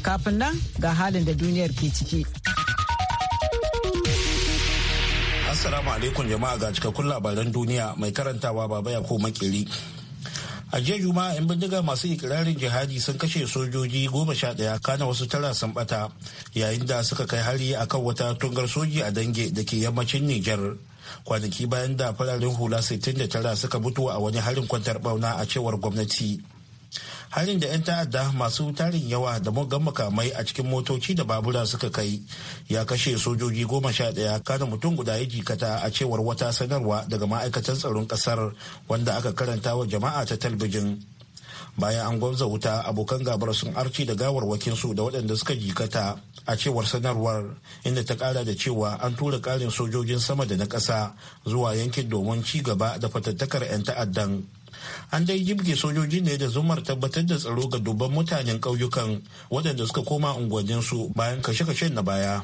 Kafin nan ga halin da duniyar ke ciki. Assalamu alaikum jama'a ga cikakkun labaran duniya mai karantawa baba ya ko makeri. a jiya juma'a 'yan bindiga masu ikirarin jihadi sun kashe sojoji goma sha ɗaya kana wasu tara sun bata yayin da suka kai hari a kan wata tungar soji a dange da ke yammacin nijar kwanaki bayan da fararen hula 69 suka mutu a wani harin kwantar bauna a cewar gwamnati halin da 'yan ta'adda masu tarin yawa da muggan makamai a cikin motoci da babura suka kai ya kashe sojoji goma sha ɗaya kada mutum guda ya jikata a cewar wata sanarwa daga ma'aikatan tsaron ƙasar wanda aka karanta wa jama'a ta talbijin bayan an gwamza wuta abokan gabar sun arci da gawarwakin su da waɗanda suka jikata a cewar sanarwar inda ta ƙara da cewa an tura ƙarin sojojin sama da na ƙasa zuwa yankin domin ci gaba da fatattakar 'yan ta'addan an dai jibge sojoji ne da zumar tabbatar da tsaro ga dubban mutanen ƙauyukan waɗanda suka koma unguwanninsu bayan kashe-kashen na baya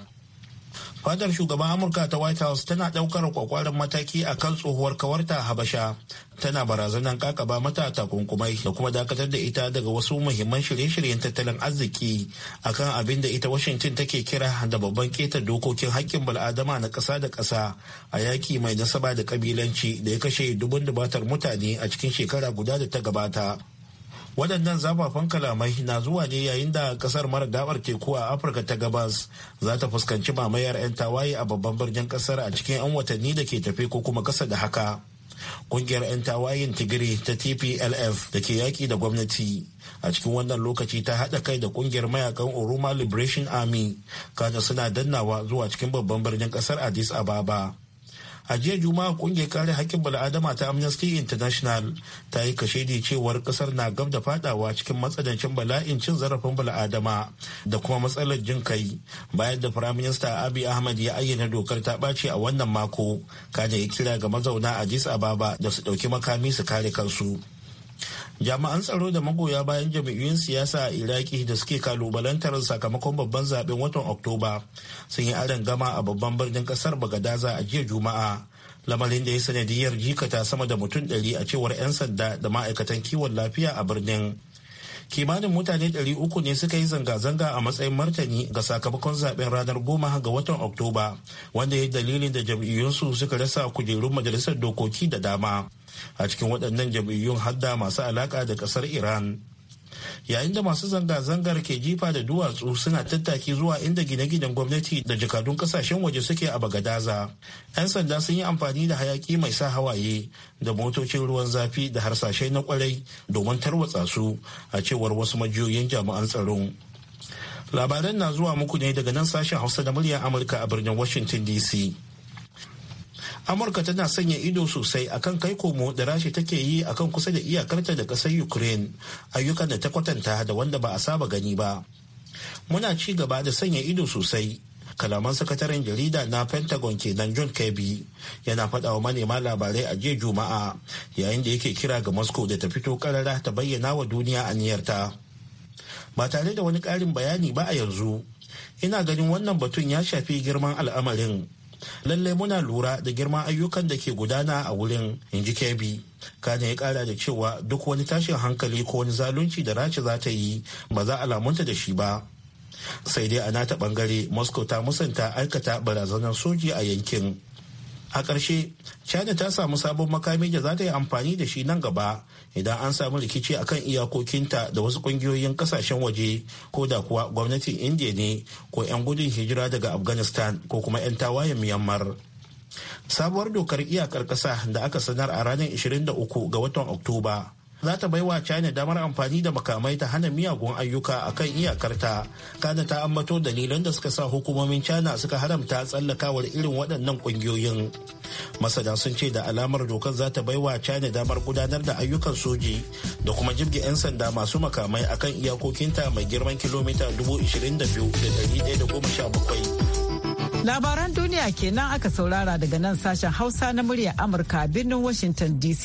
fadar shugaban amurka ta white house tana daukar kwakwaran mataki a kan tsohuwar kawarta habasha tana barazanar kakaba mata takunkumai da kuma dakatar da ita daga wasu muhimman shirye-shiryen tattalin arziki akan abin da ita washington take kira da babban keta dokokin hakkin bal'adama na ƙasa da ƙasa a yaki mai nasaba da kabilanci da ya kashe dubun dubatar mutane a cikin shekara guda da ta gabata waɗannan zafafan kalamai na zuwa ne yayin da ƙasar mara gabar teku a afirka ta gabas za ta fuskanci mamayar 'yan tawaye a babban birnin ƙasar a cikin 'yan watanni da ke tafe ko kuma ƙasa da haka kungiyar 'yan tawayen tigiri ta tplf da ke yaƙi da gwamnati a cikin wannan lokaci ta haɗa kai da kungiyar mayakan oroma liberation army kano suna dannawa zuwa cikin babban birnin ƙasar addis ababa a jiya juma'a kungiyar kare hakkin bala'adama ta amnesty international ta yi kashedi cewar kasar na gab da fadawa cikin matsanancin bala'in cin zarafin bala'adama da kuma matsalar jin kai bayan da minister abi ahmad ya ayyana dokar ta ɓace a wannan mako kada ya kira ga mazauna jis ababa da su ɗauki makami su kare kansu jami'an tsaro da magoya bayan jam'iyyun siyasa a iraki da suke kalubalantar sakamakon babban zaben watan oktoba sun yi aron gama a babban birnin kasar bagadaza a jiya juma'a lamarin da ya sanadiyar jikata sama da mutum ɗari a cewar 'yan sanda da ma'aikatan kiwon lafiya a birnin kimanin mutane 300 ne suka yi zanga-zanga a matsayin martani ga sakamakon zaben ranar goma ga watan oktoba wanda ya dalilin da jam'iyyunsu suka rasa kujerun majalisar dokoki da dama a cikin waɗannan jam'iyyun hadda masu alaƙa da ƙasar iran yayin da masu zanga-zangar ke jifa da duwatsu suna tattaki zuwa inda gine-ginen gwamnati da jakadun kasashen waje suke a bagadaza yan sanda sun yi amfani da hayaki mai sa hawaye da motocin ruwan zafi da harsashe na kwarai domin tarwatsa su a cewar wasu majiyoyin jami'an tsaro labaran na zuwa muku ne daga nan sashen hausa da muryar amurka a birnin washington dc amurka tana sanya ido sosai akan kai komo da rashi take yi akan kusa da iyakarta da ƙasar ukraine ayyukan da ta kwatanta da wanda ba a saba gani ba muna ci gaba da sanya ido sosai kalaman sakataren jarida na pentagon kenan john kirby yana faɗa wa manema labarai a jiya juma'a yayin da yake kira ga moscow da ta fito karara ta bayyana wa duniya aniyarta ba tare da wani ƙarin bayani ba a yanzu ina ganin wannan batun ya shafi girman al'amarin lallai muna lura da girman ayyukan da ke gudana a wurin inji kebi kane ya kara da cewa duk wani tashin hankali ko wani zalunci da race za ta yi ba za a lamunta da shi ba sai dai a nata bangare moscow ta musanta aikata barazanar soji a yankin a ƙarshe china ta samu sabon makami da za ta yi amfani da shi nan gaba idan an samu rikici akan iyakokinta da wasu kungiyoyin kasashen waje ko da kuwa gwamnatin indiya ne ko 'yan gudun hijira daga afghanistan ko kuma 'yan tawayen myanmar sabuwar dokar iyakar ƙasa da aka sanar a ranar 23 ga watan oktoba za ta baiwa china damar amfani da makamai ta hana miyagun ayyuka a kan iyakarta kana ta ambato dalilan da suka sa hukumomin china suka haramta tsallakawar irin waɗannan ƙungiyoyin masana sun ce da alamar dokar za ta baiwa china damar gudanar da ayyukan soji da kuma jibge 'yan sanda masu makamai a kan iyakokinta mai girman kilomita da da goma sha bakwai. labaran duniya kenan aka saurara daga nan sashen hausa na murya amurka birnin washington dc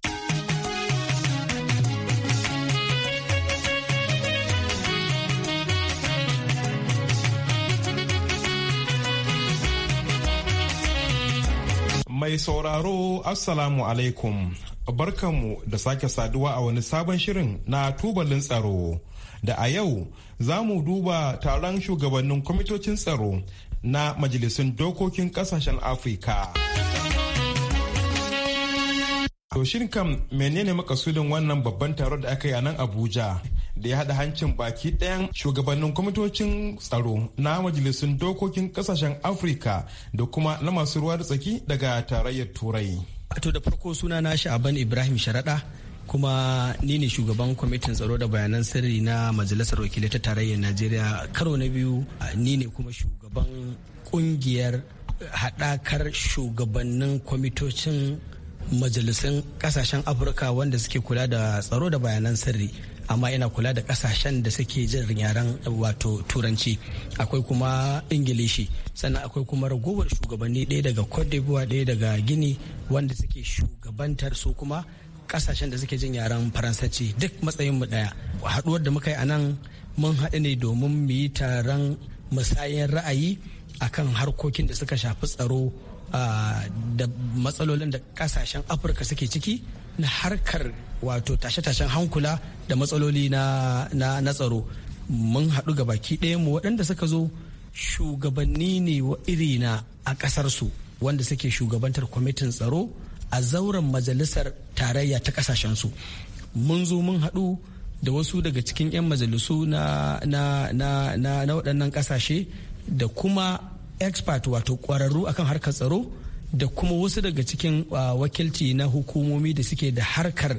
Mai sauraro Assalamu alaikum barkanmu da sake saduwa a wani sabon shirin na tubalin tsaro da a yau za mu duba taron shugabannin kwamitocin tsaro na majalisun dokokin kasashen Afirka. To shin kam menene makasudin wannan babban taron da aka yi a nan Abuja da ya haɗa hancin baki ɗayan shugabannin kwamitocin tsaro na majalisun dokokin ƙasashen Afrika da kuma na masu ruwa da tsaki daga tarayyar Turai. To da farko suna na Sha'aban Ibrahim Sharaɗa kuma ni ne shugaban kwamitin tsaro da bayanan sirri na majalisar wakilai ta tarayyar Najeriya karo na biyu ni ne kuma shugaban ƙungiyar eh, haɗakar shugabannin kwamitocin majalisun kasashen afirka wanda suke kula da tsaro da bayanan sirri amma yana kula da kasashen da suke jin yaren wato turanci akwai kuma ingilishi sannan akwai kuma ragowar shugabanni ɗaya daga cote d'ivoire ɗaya daga gini wanda suke shugabantar su kuma kasashen da suke jin yaren faransanci duk matsayin mu ɗaya haɗuwar da muka yi anan nan mun haɗu ne domin mu yi taron musayen ra'ayi akan harkokin da suka shafi tsaro da matsalolin da kasashen afirka suke ciki na harkar wato tashe-tashen hankula da matsaloli na tsaro mun haɗu ga baki mu waɗanda suka zo shugabanni ne wa irina a ƙasarsu wanda suke shugabantar kwamitin tsaro a zauren majalisar tarayya ta ƙasashensu mun zo mun haɗu da wasu daga cikin 'yan majalisu na waɗannan ƙasashe da kuma expert wato kwararru akan harkar tsaro da kuma wasu daga cikin uh, wakilci na hukumomi da suke da harkar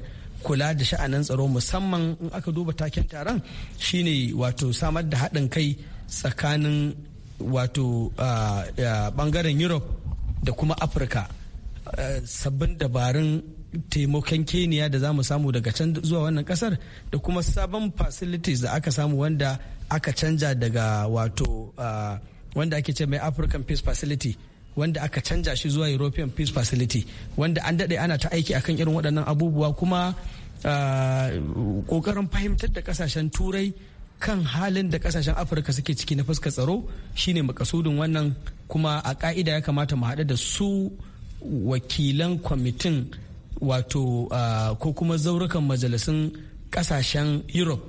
kula da sha'anin tsaro musamman in aka duba taken taron shine wato samar da haɗin kai tsakanin wato bangaren uh, uh, europe da kuma afirka sabbin dabarun taimakon keniya da za mu samu daga can zuwa wannan kasar da kuma sabon facilities da aka samu wanda aka canja daga wato uh, wanda ake ce mai african peace facility wanda aka canja shi zuwa european peace facility wanda an daɗe ana ta aiki akan irin waɗannan abubuwa kuma ah, ƙoƙarin fahimtar da ƙasashen turai kan halin da ƙasashen afirka suke ciki na fuskar tsaro shine makasudin wannan kuma a ƙa'ida ya kamata mu haɗu da su wakilan kwamitin wato ah, ko kuma zaurukan majalisun ƙasashen europe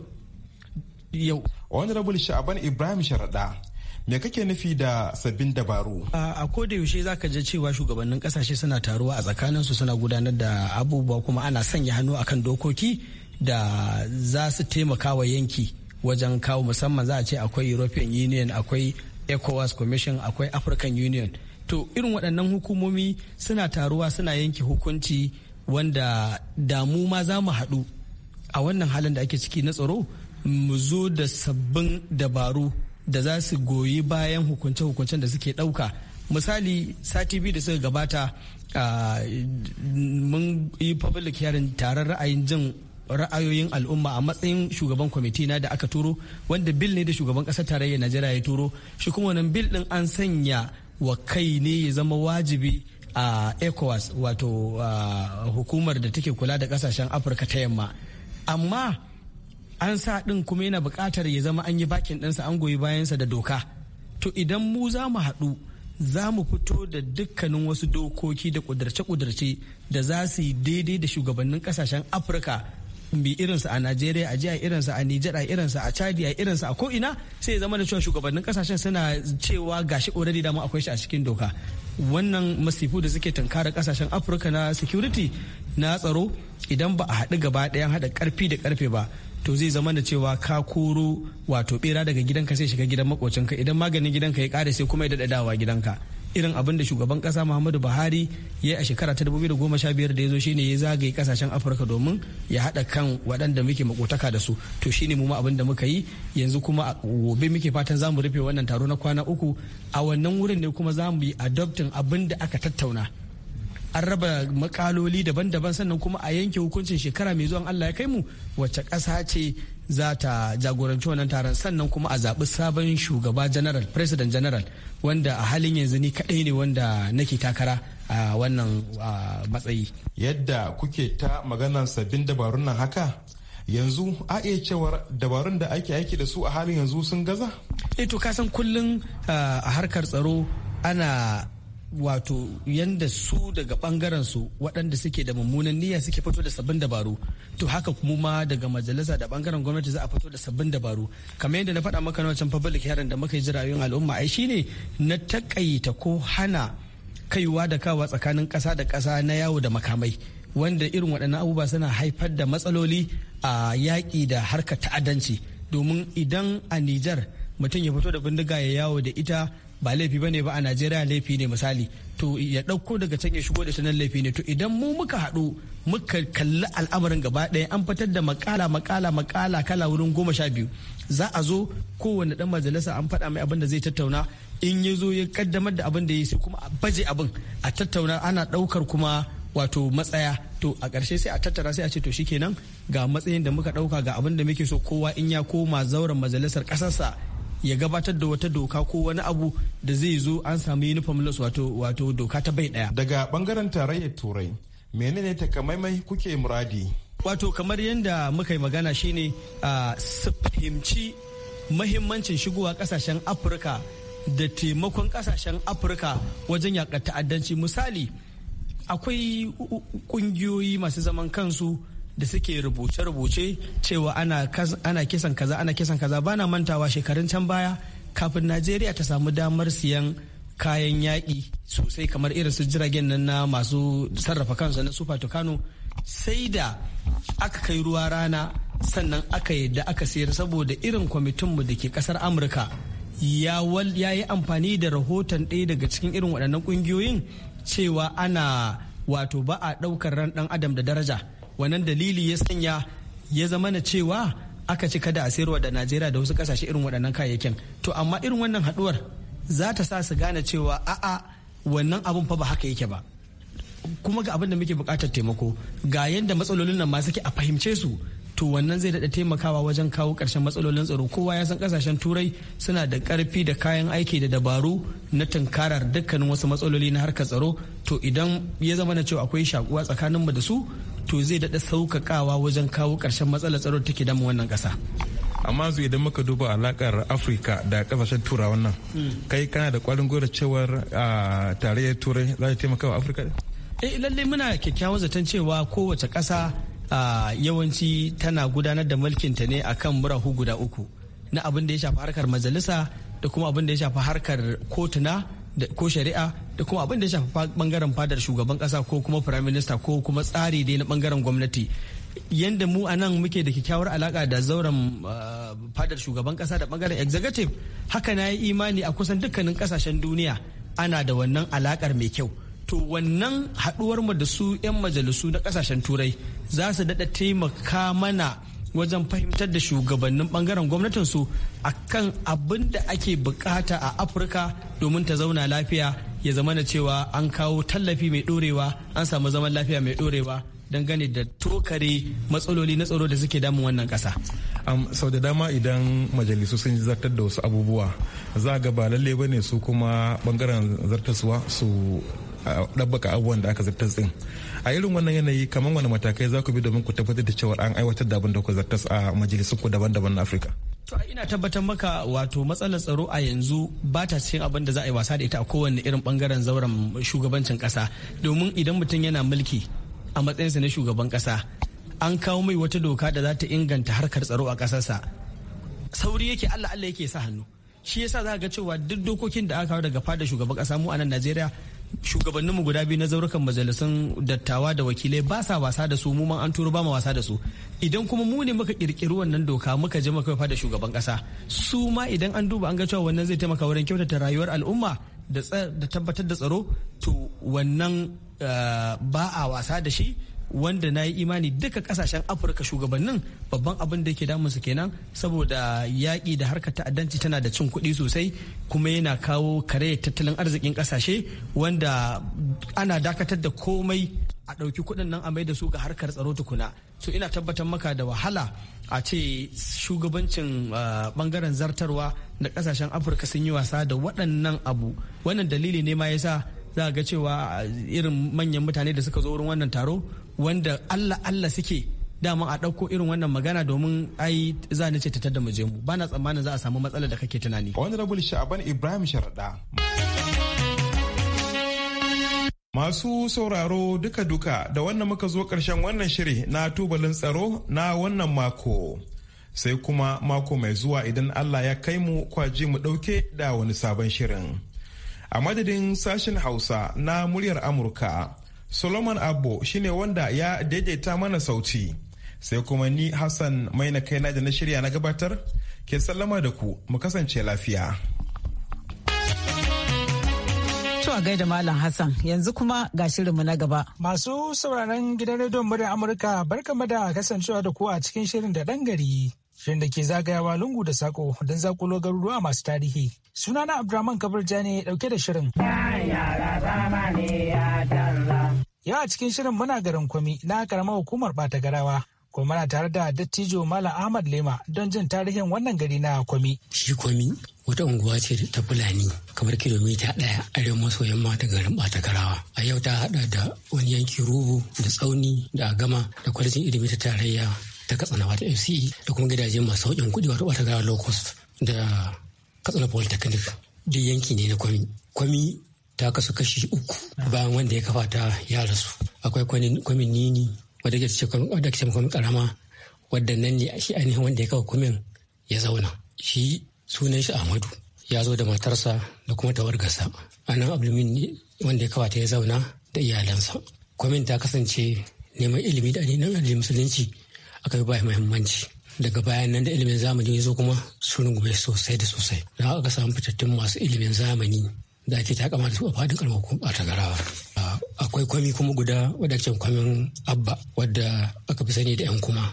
yau honorable sha'aban ibrahim sharaɗa me kake nufi da sabbin dabaru a koda yaushe zaka ji cewa shugabannin kasashe suna taruwa a tsakanin su suna gudanar da abubuwa kuma ana sanya hannu akan dokoki da za su taimaka wa yanki wajen kawo musamman za a ce akwai european union akwai ecowas commission akwai african union to irin waɗannan hukumomi suna taruwa suna yanke hukunci wanda damu ma za mu haɗu a wannan halin da ake ciki na tsaro mu zo da sabbin dabaru da za su goyi bayan hukunce-hukuncen da suke ɗauka misali sati biyu da suka gabata mun yi public hearing taron ra'ayin jin ra'ayoyin al'umma a matsayin shugaban kwamiti na da aka turo wanda bil ne da shugaban ƙasar tarayyar najeriya ya turo shi kuma wannan bil ɗin an sanya wa kai ne ya zama wajibi a ecowas wato hukumar da take kula da kasashen afirka ta yamma amma an sa ɗin kuma yana buƙatar ya zama an yi bakin ɗansa an goyi bayansa da doka to idan mu za mu haɗu za mu fito da dukkanin wasu dokoki da ƙudurce-ƙudurce da za su yi daidai da shugabannin ƙasashen afirka bi irinsa a najeriya a jiya irinsa a nijar a irinsa a chadi a irinsa a ko'ina sai ya zama da cewa shugabannin ƙasashen suna cewa gashi already dama akwai shi a cikin doka wannan masifu da suke tunkara ƙasashen afirka na security na tsaro idan ba a haɗu gaba ɗayan haɗa ƙarfi da ƙarfe ba to zai zama da cewa ka koro wato bera daga gidanka sai shiga gidan makocinka idan maganin gidanka ya kare sai kuma ya daɗaɗawa gidanka irin abin da shugaban kasa muhammadu buhari ya yi a shekara ta 2015 da ya zo shine ya zagaye kasashen afirka domin ya haɗa kan waɗanda muke makotaka da su to shine mu ma abin da muka yi yanzu kuma gobe muke fatan zamu rufe wannan taro na kwana uku a wannan wurin ne kuma zamu mu yi adoptin abin da aka tattauna an raba makaloli daban-daban sannan kuma a yanke hukuncin shekara mai zuwan Allah ya kai mu wacce ƙasa ce za ta jagoranci wannan taron sannan kuma a zaɓi sabon shugaba general president general wanda a halin yanzu ni kaɗai ne wanda nake takara a wannan matsayi yadda kuke ta magana sabbin dabarun nan haka yanzu a iya cewar dabarun da ake aiki da su a halin yanzu sun gaza? e to kasan kullum a harkar tsaro ana wato yanda su daga bangaren su waɗanda suke da mummunan niyya suke fito da sabbin dabaru to haka kuma ma daga majalisa da bangaren gwamnati za a fito da sabbin dabaru kamar yadda na faɗa maka na wancan public hearing da muka yi al'umma ai shine na takaita ko hana kaiwa da kawa tsakanin ƙasa da ƙasa na yawo da makamai wanda irin waɗannan abubuwa suna haifar da matsaloli a yaƙi da harkar ta'addanci domin idan a Nijar mutum ya fito da bindiga ya yawo da ita ba laifi bane ba a najeriya laifi ne misali to ya ɗauko daga can ya shigo da nan laifi ne to idan mu muka haɗu muka kalli al'amarin gaba ɗaya an fitar da makala makala makala kala wurin goma sha biyu za a zo kowane dan majalisa an faɗa mai abin da zai tattauna in ya zo ya kaddamar da abin da ya sai kuma a baje abin a tattauna ana ɗaukar kuma wato matsaya to a ƙarshe sai a tattara sai a ce to shikenan ga matsayin da muka ɗauka ga abin da muke so kowa in ya koma zauren majalisar ƙasarsa ya gabatar da wata doka ko wani abu da zai zo an samu uniform laws wato wato doka ta bai daya daga bangaren tarayyar turai menene takamaimai kuke muradi wato kamar yadda muka yi magana shine a fahimci mahimmancin shigowa kasashen afirka da taimakon kasashen afirka wajen yakar ta'addanci misali akwai kungiyoyi masu zaman kansu da suke rubuce-rubuce cewa ana kisan kaza ana kisan kaza bana mantawa shekarun can baya kafin najeriya ta samu damar siyan kayan yaƙi sosai kamar irin su jiragen nan na masu sarrafa kansu na super tucano sai da aka kai ruwa rana sannan aka yadda aka sayar saboda irin kwamitinmu da ke kasar amurka ya yi amfani da rahoton ɗaya daga cikin irin waɗannan ƙungiyoyin cewa ana wato ba a ɗaukar ran ɗan adam da daraja wannan dalili ya sanya ya zama na cewa aka ci kada a sayarwa da najeriya da wasu kasashe irin waɗannan kayayyakin to amma irin wannan haɗuwar za ta sa su gane cewa a'a wannan abun fa ba haka yake ba kuma ga abin da muke buƙatar taimako ga yadda matsalolin nan ma suke a fahimce su to wannan zai daɗa taimakawa wajen kawo ƙarshen matsalolin tsaro kowa ya san ƙasashen turai suna da ƙarfi da kayan aiki da dabaru na tunkarar dukkanin wasu matsaloli na harkar tsaro to idan ya zama na cewa akwai shakuwa tsakaninmu da su to zai daɗa sauƙaƙawa wajen kawo ƙarshen matsalar tsaro da take damu wannan ƙasa amma zuwa idan muka duba alakar afirka da kasashen turawan nan hmm. kai kana da kwarin gwiwar cewar tarayyar turai za ta taimaka wa afirka eh lallai muna kyakkyawan zaton cewa kowace ƙasa yawanci tana gudanar da mulkinta ne akan murahu guda uku na abin da ya shafi harkar majalisa da kuma abin da ya shafi harkar kotuna ko shari'a da kuma abin da ya shafi bangaren fadar shugaban kasa ko kuma prime minister ko kuma tsari dai na bangaren gwamnati yadda mu a nan muke da kyakkyawar alaka da zauren fadar shugaban kasa da bangaren executive haka na yi imani a kusan dukkanin kasashen duniya ana da wannan alakar mai kyau to wannan haɗuwar mu da su 'yan majalisu na kasashen turai za su daɗa taimaka mana wajen fahimtar da shugabannin bangaren gwamnatinsu a kan abin da ake bukata a afirka domin ta zauna lafiya ya zama na cewa an kawo tallafi mai dorewa an samu zaman lafiya mai dorewa dangane da tokare matsaloli na tsaro da suke damun wannan kasa. Um, sau da dama idan majalisu sun zartar da wasu abubuwa za ga ba lalle bane su kuma bangaren zartaswa su ɗabbaka abubuwan da aka zartas din a irin wannan yanayi kamar wani matakai za ku bi domin ku tabbatar da cewa an aiwatar da abin da ku zartas a majalisun ku daban-daban na afirka to ina tabbatar maka wato matsalar tsaro a yanzu ba ta cikin abin da za a yi wasa da ita a kowane irin bangaren zauren shugabancin kasa domin idan mutum yana mulki a matsayinsa na shugaban kasa an kawo mai wata doka da za ta inganta harkar tsaro a kasarsa sauri yake allah allah yake sa hannu shi yasa za ga cewa duk dokokin da aka kawo daga fada shugaban kasa mu a nan Najeriya shugabanninmu guda biyu na zaurukan majalisun dattawa da wakilai ba sa wasa da su mu man an turo ba mu wasa da su idan kuma mu ne muka kirkiri wannan doka muka je muka fada da shugaban kasa su ma idan an duba an ga cewa wannan zai taimaka wurin kyautata rayuwar al'umma da tabbatar da tsaro to wannan eh, ba a wasa da shi wanda na yi imani duka kasashen afirka shugabannin babban abin da yake damunsu kenan saboda yaƙi da harkar ta'addanci tana da cin kuɗi sosai kuma yana kawo kare tattalin arzikin kasashe wanda ana dakatar da komai a ɗauki kuɗin nan a mai da su ga harkar tsaro tukuna so ina tabbatar maka da wahala a ce shugabancin bangaren uh, zartarwa na kasashen afirka sun yi wasa da waɗannan abu wannan dalili ne ma sa za ga cewa uh, irin manyan mutane da suka zo wurin wannan taro wanda Allah Allah suke dama a ɗauko irin wannan magana domin ai za ni ce ta da muje mu bana tsammanin za a samu matsalar da kake tunani. Wani rabul sha'aban Ibrahim Sharaɗa. Masu sauraro duka-duka da wannan muka zo karshen wannan shiri na tubalin tsaro na wannan mako. Sai kuma mako mai zuwa idan Allah ya kai mu kwaji mu ɗauke da wani sabon shirin. A madadin sashen Hausa na muryar Amurka, Solomon Abbo shine wanda ya daidaita mana sauti. Sai kuma ni Hassan mai na da na shirya na gabatar ke sallama da ku mu kasance lafiya. Tuwa da Malam Hassan yanzu kuma ga shirinmu na gaba. Masu sauraron gidan rediyon muryar Amurka barkamada da kasancewa da ku a cikin shirin da ɗan gari. shirin da ke zagayawa lungu da sako don zakulo garuruwa masu tarihi. Sunana Abdurrahman Kabir Jani ɗauke da shirin. ya yara zamani ya Yau a cikin shirin muna garin kwami na karamar hukumar Batagarawa, garawa. Kuma muna tare da dattijo Mala Ahmad Lema don jin tarihin wannan gari na kwami. Shi kwami wata unguwa ce ta Fulani kamar kilomita ɗaya arewa maso yamma ta garin Batagarawa. A yau ta haɗa da wani yanki rubu da tsauni da agama da kwalejin ilimi ta tarayya ta katsina wata FCE da kuma gidaje masu sauƙin kuɗi wata Batagarawa low cost da katsina polytechnic duk yanki ne na kwami. Kwami ta kasu kashi uku bayan wanda ya kafa ta ya rasu akwai kwamin nini wadda ke ce kwamin karama wadda nan ne shi ainihin wanda ya kafa kwamin ya zauna shi sunan shi ahmadu ya zo da matarsa da kuma tawargarsa a nan abulmin wanda ya kafa ta ya zauna da iyalansa kwamin ta kasance neman ilimi da addinin addinin musulunci aka yi bayan muhimmanci daga bayan nan da ilimin zamani ya zo kuma sun rungume sosai da sosai na aka samu fitattun masu ilimin zamani da ake ta da su a fadin karamar hukumar ta garawa akwai kwami kuma guda wadda ake kwamin abba wadda aka fi sani da yan kuma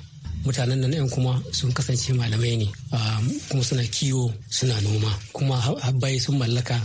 mutanen nan yan kuma sun kasance malamai ne kuma suna kiwo suna noma kuma habbaye sun mallaka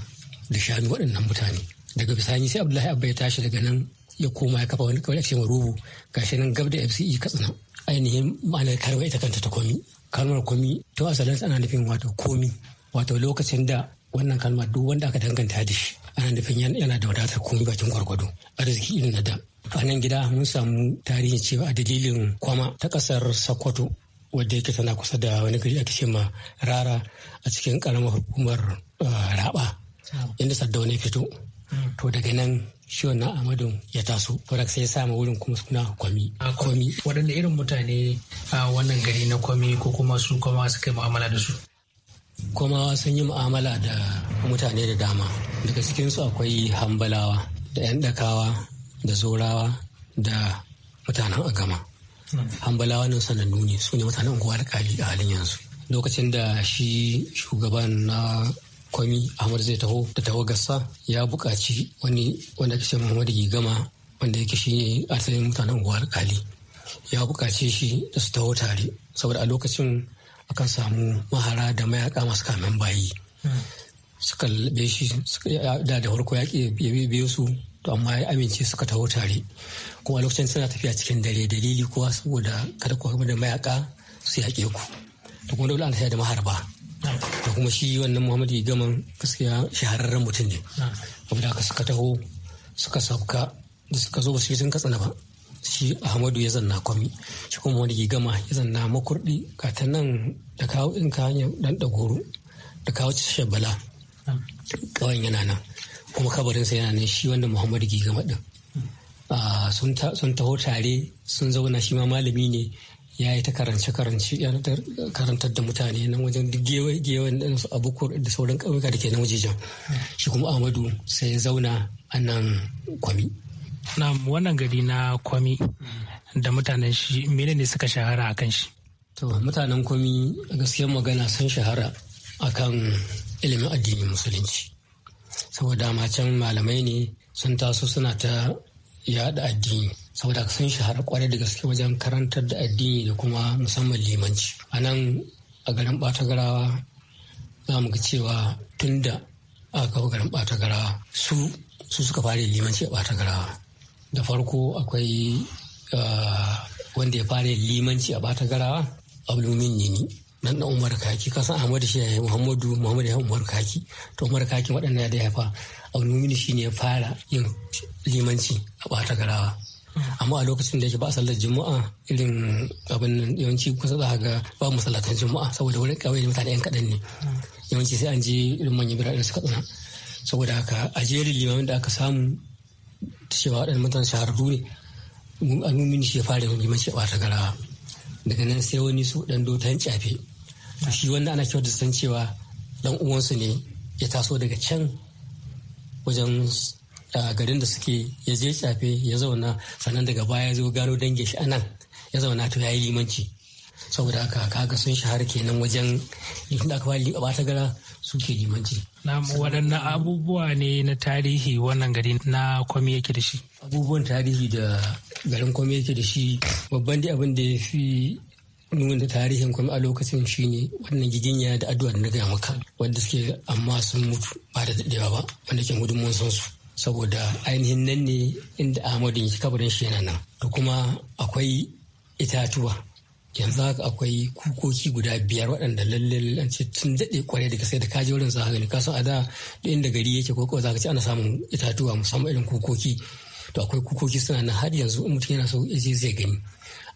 da shanu waɗannan mutane daga bisani sai abdullahi abba ya tashi daga nan ya koma ya kafa wani kawai ake rubu gashi nan gab da fce katsina ainihin ma'anar karma ita kanta ta komi kalmar kwami to asalin tana nufin wato komi wato lokacin da wannan kalma duk wanda aka danganta da shi ana nufin yana da wadatar komai bakin gwargwado arziki irin na da a nan gida mun samu tarihin cewa a dalilin kwama ta kasar sokoto wadda yake tana kusa da wani gari ake ce ma rara a cikin karamar hukumar uh, raba inda sadda wani fito to daga nan shi wannan amadun ya taso farak sai ya sama wurin kuma suna kwami kwami waɗanda irin mutane a wannan gari na kwami ko kuma su kwama suka yi mu'amala da su kuma sun yi mu'amala da mutane da dama daga cikinsu akwai hambalawa da 'yan dakawa da zorawa da mutanen agama hambalawa nan sanannu ne su ne mutanen unguwa alƙali a halin yanzu lokacin da shi shugaban na kwami ahmad zai taho da taho gasa, ya buƙaci wani wanda ke ce muhammadu gigama wanda yake shi ne asalin mutanen unguwa alƙali. ya buƙace shi da su taho tare saboda a lokacin akan samu mahara da mayaka masu kamen bayi hmm. suka lalbe shi da da farko yaƙi ya bebe su to amma ya amince suka taho tare kuma lokacin suna tafiya cikin dare dalili kuwa saboda kada ku da mayaka su yaƙe ku to kuma dole an tafiya da maharba to kuma shi wannan muhammadu gaman gaskiya shahararren mutum ne hmm. abu da aka suka taho suka sauka da suka zo ba su yi sun katsina ba shi ahmadu ya zanna kwami shi kuma wani ke gama ya zanna makurdi kata nan da kawo in ka hanyar dan dagoro da kawo shabala kawai yana nan kuma kabarinsa yana nan shi wanda muhammadu ke gama din sun taho tare sun zauna shi ma malami ne ya yi ta karance karance karantar da mutane nan wajen duk gewen su abukur da sauran ƙauyuka da ke nan wajejen shi kuma ahmadu sai ya zauna a nan kwami na wannan gari na kwami da mutanen shi ne suka shahara a kan shi to mutanen kwami gaskiyar magana sun shahara a kan ilimin addinin musulunci saboda ma can malamai ne sun taso suna ta yada addini saboda sun shahara kwarai da gaske wajen karantar da addini da kuma musamman limanci a nan a garin batagarawa za mu ga cewa tunda aka garin batagarawa su su suka fara limanci a batagarawa da farko akwai ah, wanda ya fara limanci a bata garawa abu nini nan da umar kaki kasan ahmad shi ya muhammadu muhammadu ya umar kaki to umar kaki waɗanda ya haifa abdulmin shi ne ya fara yin limanci a bata garawa amma a lokacin da yake ba a sallar juma'a irin abin yawanci kusa za ga ba masallatan juma'a saboda wani kawai da mutane yan kaɗan ne yawanci sai an je irin manyan birane suka tsana saboda haka a jerin limamin da aka samu cewa waɗannan mutane shahararru ne al'ummin shi ya fara wani mace ɓata garawa daga nan sai wani su ɗan dotan cafe to shi wannan ana kyau da san cewa ɗan uwansu ne ya taso daga can wajen garin da suke ya je cafe ya zauna sannan daga baya zo gano dangin shi anan ya zauna to ya yi limanci saboda haka kaga sun shahara kenan wajen da aka fara ɓata gara suke ci. Na waɗannan abubuwa ne na tarihi wannan gari na kwami yake da shi. Abubuwan tarihi da garin kwami yake da shi babban dai abin da ya fi nuna tarihin kwami a lokacin shi ne wannan giginya da addu'a da na gaya maka wanda suke amma sun mutu ba da daɗewa ba wanda ke gudun mun san su. saboda ainihin nan ne inda Ahmadu ya kabarin shi yana nan da kuma akwai itatuwa yanzu haka akwai kukoki guda biyar waɗanda lalle an ce tun daɗe kwarai daga sai da kaji wurin za gani kasan a da inda gari yake ko kawai za ka ci ana samun itatuwa musamman irin kukoki to akwai kukoki suna nan har yanzu in mutum yana so je zai gani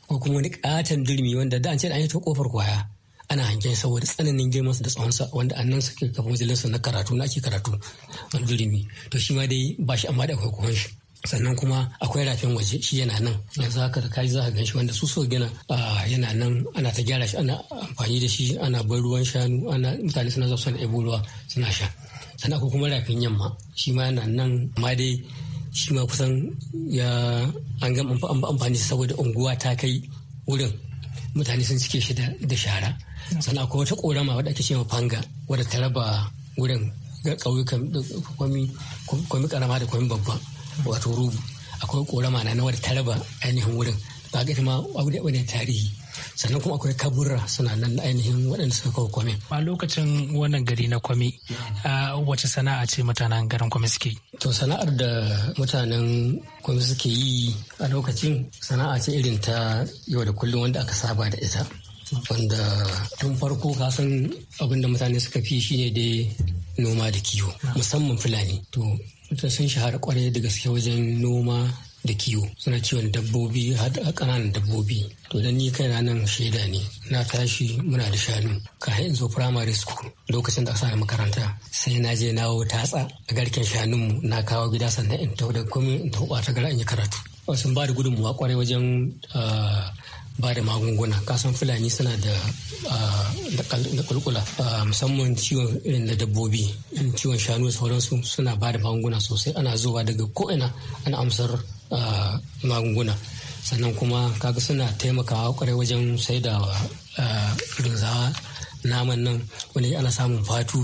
akwai kuma wani katon durmi wanda da an ce an yi ta kofar kwaya ana hangen saboda tsananin girman su da tsawon sa wanda a annan suke wajen majalisa na karatu na ake karatu wani durmi to shi ma dai ba shi amma da akwai kohon shi sannan kuma akwai rafin waje shi yana nan yanzu haka da kaji za ka ganshi wanda su so gina yana nan ana ta gyara shi ana amfani da shi ana bar ruwan shanu ana mutane suna zuwa suna ruwa suna sha sannan akwai kuma rafin yamma shi ma yana nan amma dai shi ma kusan ya an ga amfani saboda unguwa ta kai wurin mutane sun cike shi da shara sannan akwai wata korama wadda ake cewa fanga wadda ta raba wurin ga ƙauyukan kwami karama da kwami babba wato rubu akwai korama na nawar talaba ainihin wurin ba ga ma abu wani tarihi sannan kuma akwai kaburra suna nan ainihin waɗanda suka kawo kwame. a lokacin wannan gari na kwame wace sana'a ce mutanen garin kwame suke yi to sana'ar da mutanen kwame suke yi a lokacin sana'a ce irin ta yau da kullum wanda aka saba da ita wanda tun farko kasan abin da mutane suka fi ne dai noma da kiwo musamman fulani to da sun shahara kwarai da gaske wajen noma da kiwo suna kiwon dabbobi har a ƙananan dabbobi to dan ni kai na nan shaida ne na tashi muna da shanu Ka in zo primary school lokacin da aka sa makaranta sai na je na nawo tatsa a garken shanunmu na kawo gida sannan in tau da kuma in tau ta gara in yi karatu sun ba da gudunmuwa kwarai wajen ah, ba da magunguna kasan fulani suna da ah, da kulkula ah, musamman ciwon irin da dabbobi ciwon shanu da sauransu suna ba da magunguna sosai ana zuwa daga ko'ina ana amsar ah, magunguna sannan kuma kaga suna taimakawa kwarai wajen sai da rinzawa naman nan wani ana samun fatu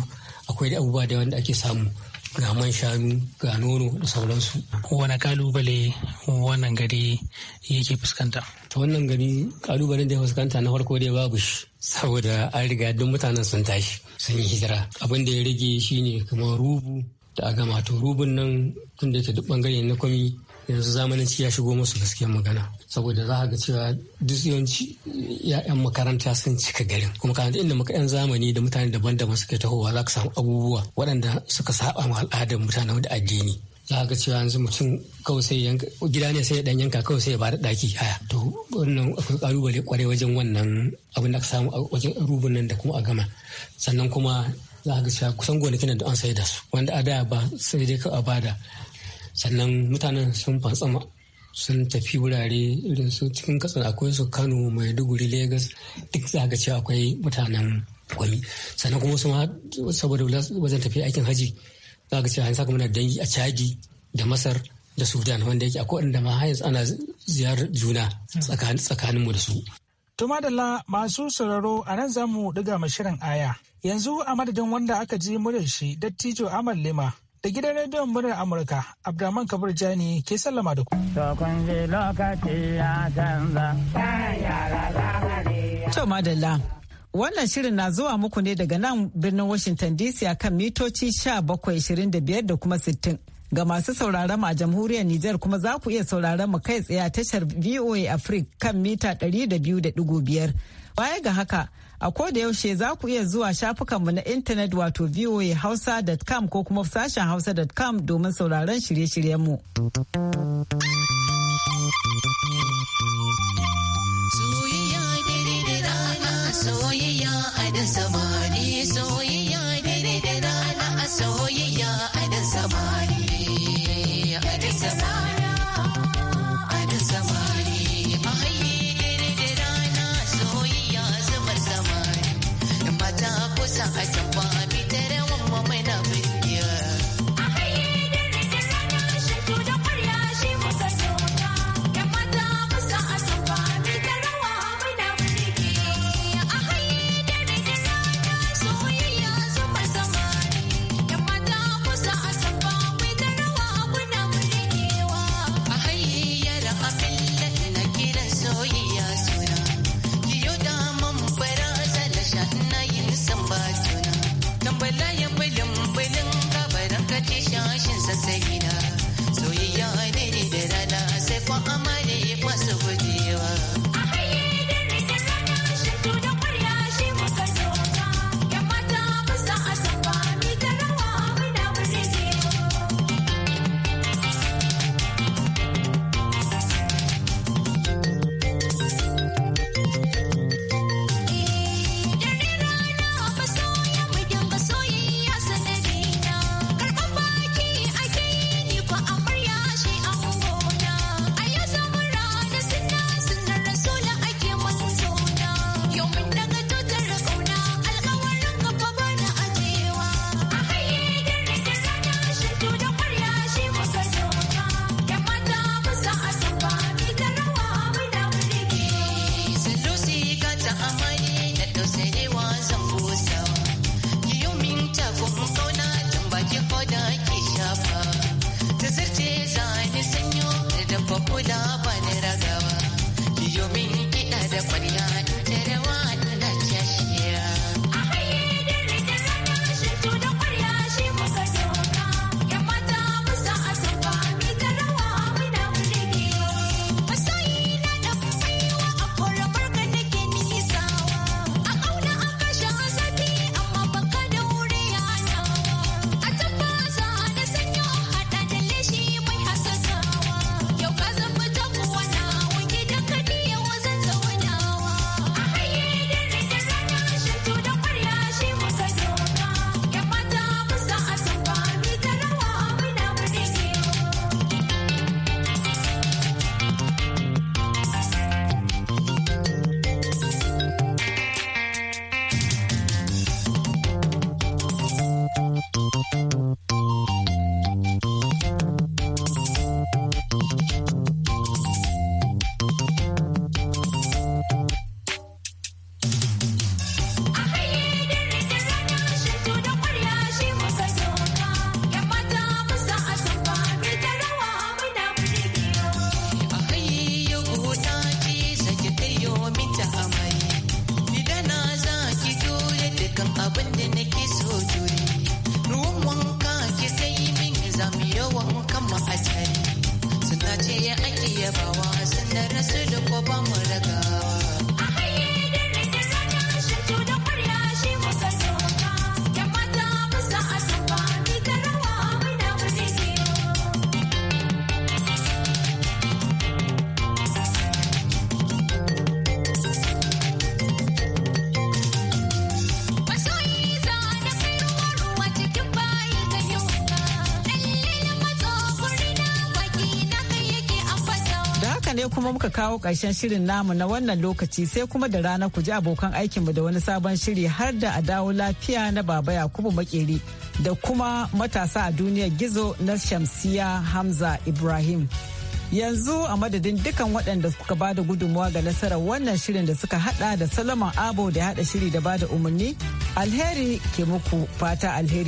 akwai da abubuwa da wanda ake samu ga man shanu ga nono da sauransu. Wane kalubale wannan gari yake fuskanta? Ta wannan gari kalubalen da ya fuskanta na farko dai babu shi saboda an riga duk mutanen sun tashi sun yi hijira. Abin da ya rage shine kamar rubu da a gama to rubun nan tun da yake duk bangare na kwami yanzu zamananci ya shigo musu gaskiyar magana saboda za ga cewa duk yawanci ya'yan makaranta sun cika garin kuma ka inda maka yan zamani da mutane daban-daban suke tahowa za ka samu abubuwa waɗanda suka saba ma al'adar mutane da addini za ga cewa yanzu mutum kawai sai yanka gida ne sai dan yanka kawai sai ya bada daki haya to wannan akwai kalubale kwarai wajen wannan abin da ka samu a wajen rubun nan da kuma a gama sannan kuma za ga cewa kusan gonakin da an sai da su wanda a da ba sai dai ka a bada sannan mutanen sun fantsama sun tafi wurare irin su cikin kasar akwai su kano maiduguri lagos duk ga cewa akwai mutanen gwami sannan kuma su saboda wajen tafi aikin haji za ga cewa an saka mana dangi a cagi da masar da sudan wanda yake akwai inda ma hayan ana ziyarar juna tsakaninmu da su To madalla masu sauraro a nan za mu ɗiga shirin aya. Yanzu a madadin wanda aka ji murin shi dattijo Amal Lima da gidan rediyon murnar amurka abdulrahman kabir jani ke sallama da ku. to madalla wannan shirin na zuwa muku ne daga nan birnin washington dc a kan mitoci 1725 da kuma 60 ga masu sauraron a jamhuriyar Nijar kuma za ku iya sauraron mu kai tsaye a tashar VOA Africa kan mita 200.5 Baya ga haka, a koda yaushe za ku iya zuwa shafukanmu na intanet wato voahausa.com ko kuma sashen hausa.com domin sauraron shirye-shiryenmu. Soyayya da soyayya a da ya ake yabawa da rasu da ko ba mu ragawa muka kawo ƙarshen shirin namu na wannan lokaci sai kuma da rana ku ji abokan aikinmu da wani sabon shiri har da a dawo lafiya na baba Yakubu Makeri da kuma matasa a duniyar gizo na Shamsiya Hamza Ibrahim. Yanzu a madadin dukan waɗanda suka bada gudunmuwa ga nasarar wannan shirin da suka hada da Salaman Abo da hada shiri da bada umarni, alheri ke muku fata alheri.